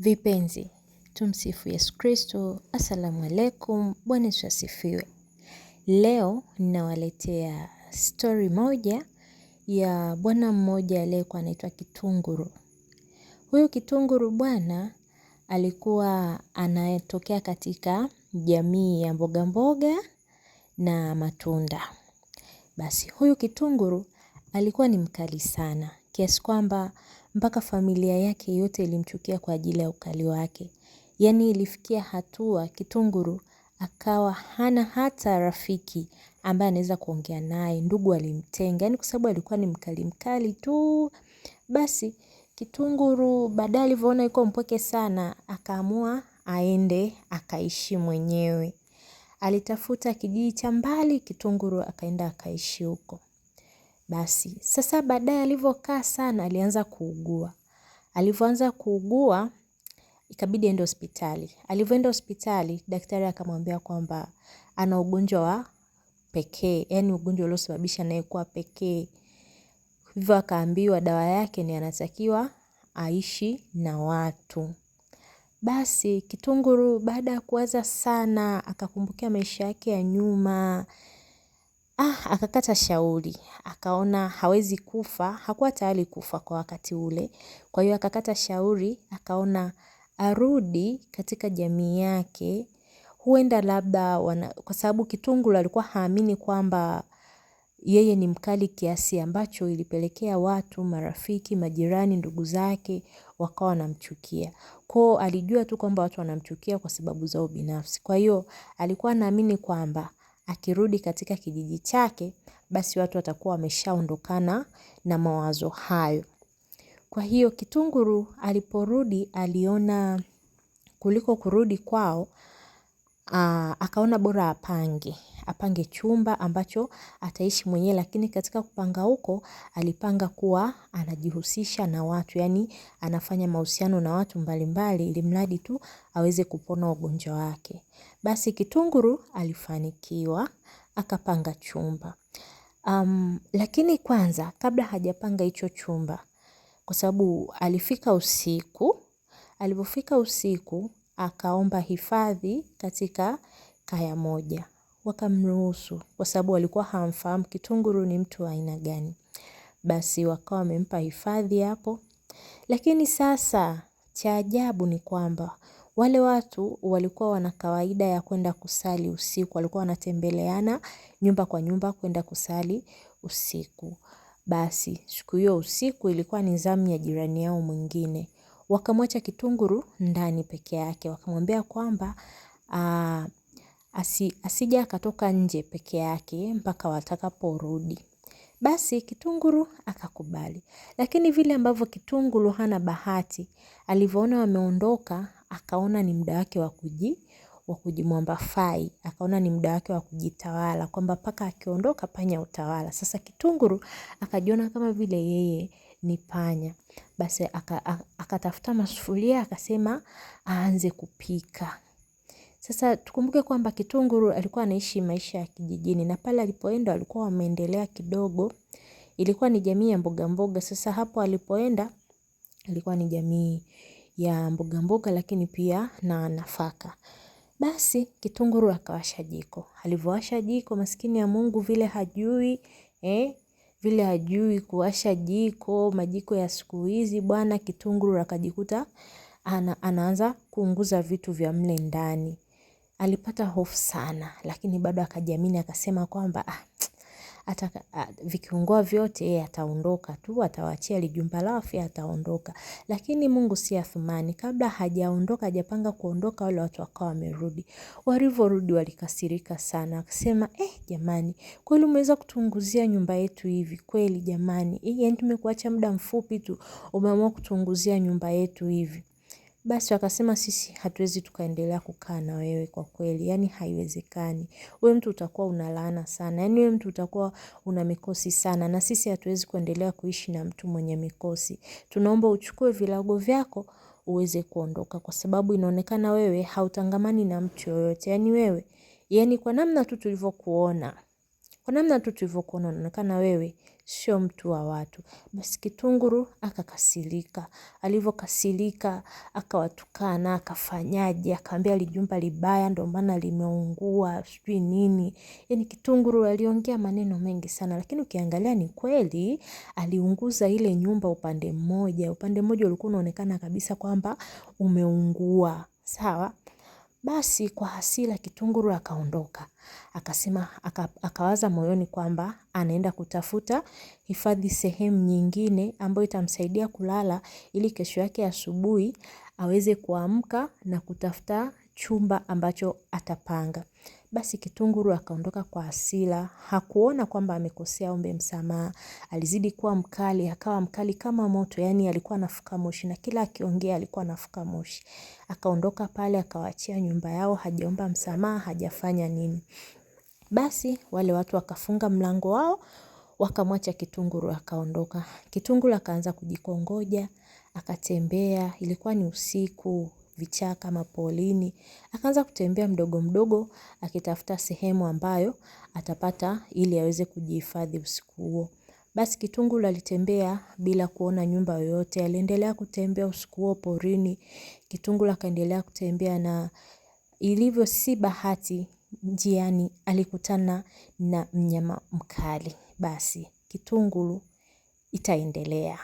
Vipenzi, tumsifu Yesu Kristo. Asalamu alaikum, Bwana Yesu asifiwe. Leo ninawaletea stori moja ya bwana mmoja aliyekuwa anaitwa Kitunguru. Huyu Kitunguru bwana alikuwa anatokea katika jamii ya mbogamboga mboga na matunda. Basi huyu Kitunguru alikuwa ni mkali sana kiasi kwamba mpaka familia yake yote ilimchukia kwa ajili ya ukali wake. Yaani ilifikia hatua Kitunguru akawa hana hata rafiki ambaye anaweza kuongea naye, ndugu alimtenga. Yaani kwa sababu alikuwa ni mkali mkali tu. Basi Kitunguru baadaye alivyoona yuko mpweke sana, akaamua aende akaishi mwenyewe. Alitafuta kijiji cha mbali Kitunguru akaenda akaishi huko. Basi, sasa baadaye alivyokaa sana alianza kuugua. Alivyoanza kuugua ikabidi aende hospitali. Alivyoenda hospitali, daktari akamwambia kwamba ana ugonjwa wa pekee, yaani ugonjwa uliosababisha naye kuwa pekee. Hivyo akaambiwa dawa yake ni anatakiwa aishi na watu. Basi Kitunguru baada ya kuwaza sana akakumbukia maisha yake ya nyuma. Ah, akakata shauri, akaona hawezi kufa, hakuwa tayari kufa kwa wakati ule. Kwa hiyo akakata shauri, akaona arudi katika jamii yake, huenda labda, kwa sababu Kitungulu alikuwa haamini kwamba yeye ni mkali kiasi ambacho ilipelekea watu, marafiki, majirani, ndugu zake, wakawa wanamchukia. Ko alijua tu kwamba watu wanamchukia kwa sababu zao binafsi. Kwa hiyo alikuwa anaamini kwamba akirudi katika kijiji chake, basi watu watakuwa wameshaondokana na mawazo hayo. Kwa hiyo Kitunguru aliporudi aliona kuliko kurudi kwao aa, akaona bora apange, apange chumba ambacho ataishi mwenyewe, lakini katika kupanga huko alipanga kuwa anajihusisha na watu, yaani anafanya mahusiano na watu mbalimbali, ili mradi tu aweze kupona ugonjwa wake. Basi Kitunguru alifanikiwa akapanga chumba. Um, lakini kwanza kabla hajapanga hicho chumba, kwa sababu alifika usiku, alipofika usiku akaomba hifadhi katika kaya moja, wakamruhusu kwa sababu walikuwa hamfahamu Kitunguru ni mtu wa aina gani. Basi wakawa wamempa hifadhi hapo, lakini sasa cha ajabu ni kwamba wale watu walikuwa wana kawaida ya kwenda kusali usiku, walikuwa wanatembeleana nyumba kwa nyumba kwenda kusali usiku. Basi, siku hiyo usiku ilikuwa ni zamu ya jirani yao mwingine. Wakamwacha Kitunguru ndani peke yake. Wakamwambia kwamba ah, asija akatoka nje peke yake mpaka watakaporudi. Basi Kitunguru akakubali. Lakini vile ambavyo Kitunguru hana bahati, alivyoona wameondoka akaona ni muda wake wa kuji wa fai, akaona ni muda wake wa kujitawala, kwamba paka akiondoka panya utawala. Sasa Kitunguru akajiona kama vile yeye ni panya, basi akatafuta masufuria, akasema aanze kupika. Sasa tukumbuke kwamba Kitunguru alikuwa anaishi maisha ya kijijini, na pale alipoenda walikuwa wameendelea kidogo, ilikuwa ni jamii ya mboga mboga. Sasa hapo alipoenda ilikuwa ni jamii ya mboga mboga lakini pia na nafaka. Basi Kitunguru akawasha jiko. Alivyowasha jiko maskini ya Mungu vile hajui eh, vile hajui kuwasha jiko, majiko ya siku hizi bwana Kitunguru akajikuta anaanza kuunguza vitu vya mle ndani. Alipata hofu sana lakini bado akajiamini akasema kwamba ah, hata vikiungua vyote yeye ataondoka tu, atawaachia lijumba lao afya ataondoka. Lakini Mungu si Athumani, kabla hajaondoka, hajapanga kuondoka, wale watu wakawa wamerudi. Walivyorudi walikasirika sana, akasema eh, jamani, kweli umeweza kutunguzia nyumba yetu hivi? Kweli jamani, yani tumekuacha muda mfupi tu umeamua kutunguzia nyumba yetu hivi. Basi wakasema sisi hatuwezi tukaendelea kukaa na wewe kwa kweli, yani haiwezekani. Wewe mtu utakuwa unalaana sana, yani wewe mtu utakuwa una mikosi sana, na sisi hatuwezi kuendelea kuishi na mtu mwenye mikosi. Tunaomba uchukue vilago vyako uweze kuondoka kwa sababu inaonekana wewe hautangamani na mtu yoyote. Yani wewe, yani kwa namna tu tulivyokuona, kwa namna tu tulivyokuona unaonekana wewe sio mtu wa watu. Basi Kitunguru akakasirika, alivyokasirika akawatukana, akafanyaje, akaambia lijumba libaya ndio maana limeungua, sijui nini. yani Kitunguru aliongea maneno mengi sana, lakini ukiangalia ni kweli aliunguza ile nyumba upande mmoja, upande mmoja ulikuwa unaonekana kabisa kwamba umeungua. Sawa? Basi kwa hasira Kitunguru akaondoka. Akasema akawaza moyoni kwamba anaenda kutafuta hifadhi sehemu nyingine ambayo itamsaidia kulala ili kesho yake asubuhi aweze kuamka na kutafuta chumba ambacho atapanga. Basi Kitunguru akaondoka kwa hasira, hakuona kwamba amekosea ombe msamaha, alizidi kuwa mkali, akawa mkali kama moto, yani alikuwa anafuka moshi na kila akiongea alikuwa anafuka moshi. Akaondoka pale, akawaachia nyumba yao, hajaomba msamaha, hajafanya nini. Basi wale watu wakafunga mlango wao, wakamwacha Kitunguru akaondoka. Kitunguru akaanza kujikongoja, akatembea, ilikuwa ni usiku, vichaka mapolini, polini, akaanza kutembea mdogo mdogo akitafuta sehemu ambayo atapata ili aweze kujihifadhi usiku huo. Basi Kitungulu alitembea bila kuona nyumba yoyote, aliendelea kutembea usiku huo porini, Kitungulu akaendelea kutembea na ilivyo si bahati njiani alikutana na mnyama mkali. Basi Kitungulu itaendelea.